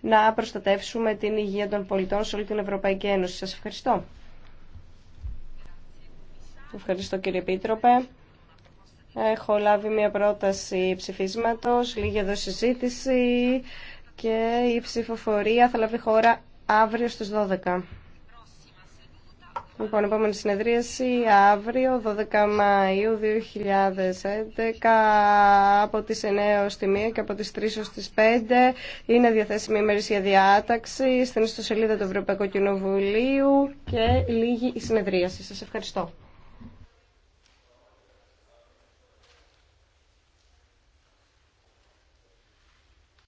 να προστατεύσουμε την υγεία των πολιτών σε όλη την Ευρωπαϊκή Ένωση. Σας ευχαριστώ. Ευχαριστώ κύριε Επίτροπε. Έχω λάβει μια πρόταση ψηφίσματος, λίγη εδώ συζήτηση και η ψηφοφορία θα λάβει χώρα αύριο στις 12. Λοιπόν, επόμενη συνεδρίαση αύριο 12 Μαΐου 2011 από τις 9 ως τη 1 και από τις 3 ως τις 5 είναι διαθέσιμη η ημερήσια διάταξη στην ιστοσελίδα του Ευρωπαϊκού Κοινοβουλίου και λίγη η συνεδρίαση. Σας ευχαριστώ.